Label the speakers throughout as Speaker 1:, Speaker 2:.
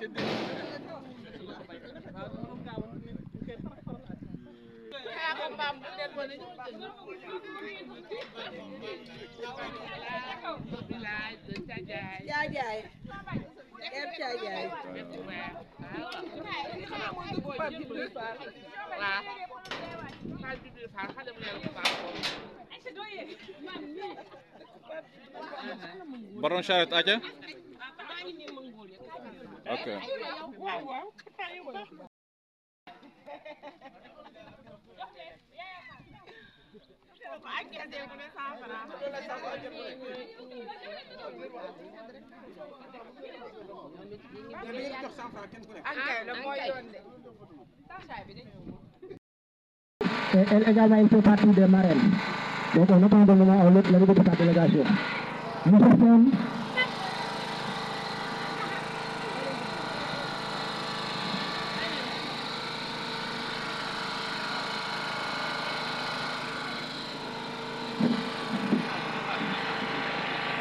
Speaker 1: Jajaay eb jajaay Pape Djibril Fall waaw Pape Djibril Fall xale bu yàlla bu baax boobu Baron Charette aca ok Elle également elle fait partie des marraines. Donc on attend le moment à l'autre l'arrivée de sa délégation. Nous sommes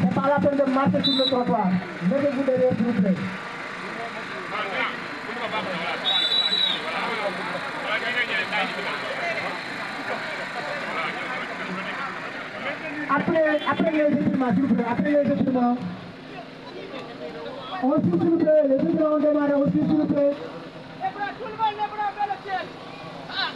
Speaker 1: C'est pas la peine de marcher sur le trottoir. Mettez-vous derrière, s'il vous plaît. Après, après les instruments, s'il vous plaît, après les instruments. On s'il vous plaît, les instruments ont démarré, on s'il vous plaît. Les bras, tout le monde, les bras vers le ciel. Ah,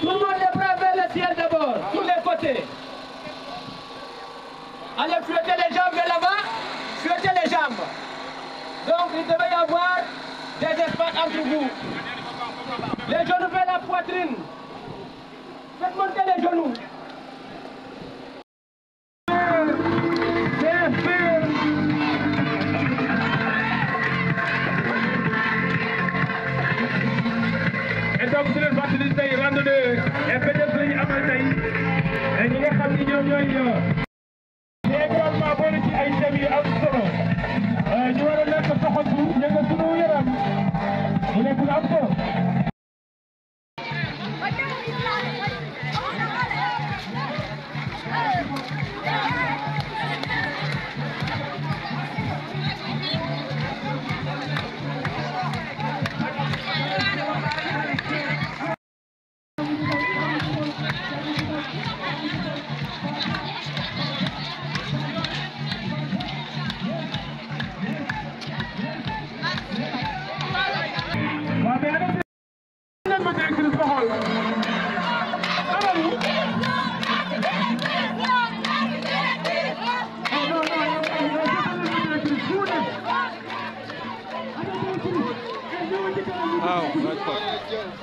Speaker 1: Tout le monde les le ciel d'abord, tous les côtés. Allez flotter les jambes vers l'avant, flotter les jambes. Donc il devait avoir des espaces entre vous. Les genoux la poitrine. Faites monter les genoux. ànd de FDS lañu amal tey ñi nga xam ni ñoom ñooy Oh, that's fun.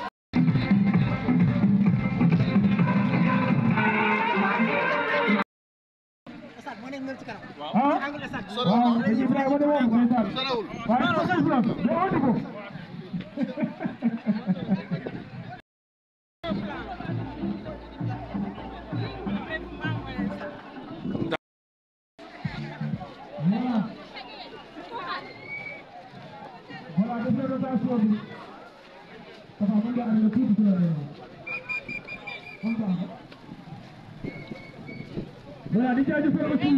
Speaker 1: waaw Ibrahima de moom waaw def na rotation bi la voilà di jaajëfal aussi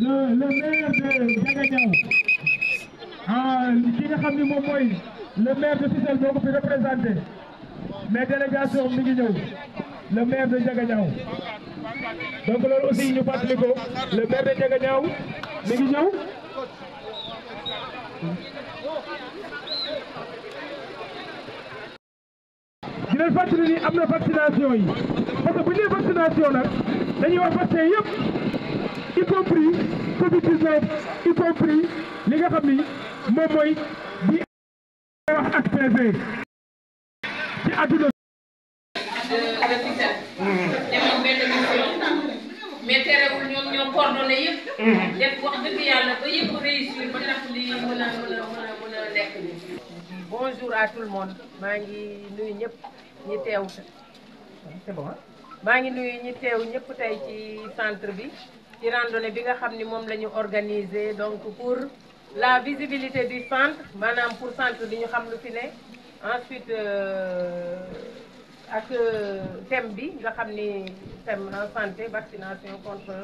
Speaker 1: le le maire ki nga xam ni moom mooy le maire de Fissel boo ko fi représenté mais délégation mi ngi ñëw le de Diaganiao donc loolu aussi ñu fàttali ko le de Diaganiao mi ngi di leen am na vaccination yi parce que bu ñu nee vaccination wax vaccin yëpp y compris Covid 19 y compris li nga xam ni moom mooy bi wax HPV ci àdduna ñoo coordonné yëpp. Mhm. def wax dëgg yàlla ba yëpp bonjour à tout le monde maa ngi nuyu ñëpp ñi teew. c'est bon maa ngi nuyu ñi teew ñëpp tey ci centre bi ci randonnée bi nga xam ni moom la ñu organisé donc pour la visibilité du centre maanaam pour centre bi ñu xam lu fi ne ensuite. Euh... ak euh, thème bi nga xam ni thème santé vaccination contre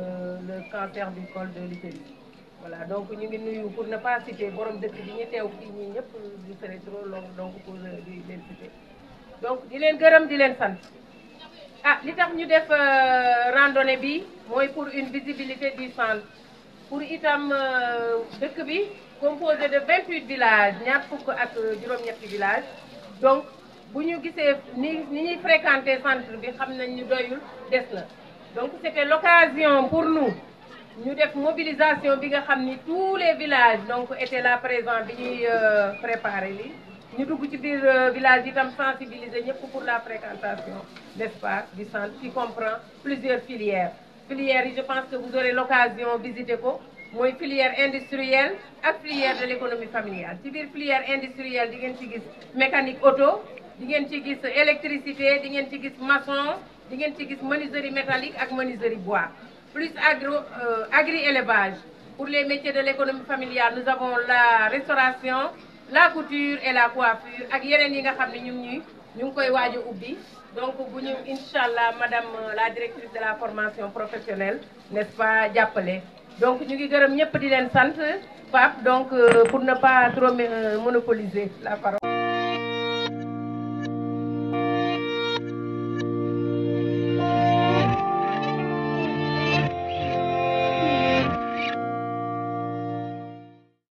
Speaker 1: euh, le cancer du col de l'utérus voilà donc ñu ngi nuyu pour ne pas borom dëkk bi ñu teew fii ñii ñëpp du serait trop long donc pour euh, di leen donc di leen gërëm di leen sant ah li tax ñu def randonnée bi mooy pour une visibilité du centre pour itam dëkk bi composé de vingt-huit villages ñaar fukk ak juróom-ñetti villages donc bu ñu gisee ni ni ñuy fréquenter centre bi xam nañ ñu doyul des na donc c'était l'occasion pour nous ñu def mobilisation bi nga xam ni tous les villages donc étaient là présents bi ñuy euh, préparer li ñu dugg ci biir euh, village itam sensibiliser ñëpp pour la fréquentation d'espace du centre qui comprend plusieurs filières filières yi je pense que vous aurez l'occasion visiter ko mooy filière industrielle ak filière de l'économie familiale ci biir filière industrielle di ngeen ci gis di ngeen ci gis électricité di ngeen ci gis maçon di ngeen ci gis menuiserie métallique ak menuiserie bois plus agro euh, agri élevage pour les métiers de l'économie familiale nous avons la restauration la couture et la coiffure ak yeneen yi nga xam ne ñu ngi ñuy ñu ngi koy waaj ubbi donc bu ñu incha allah madame euh, la directrice de la formation professionnelle n'est-ce pas jàppale donc ñu ngi gërëm ñëpp di leen sant Pape donc euh, pour ne pas trop monopoliser la parole.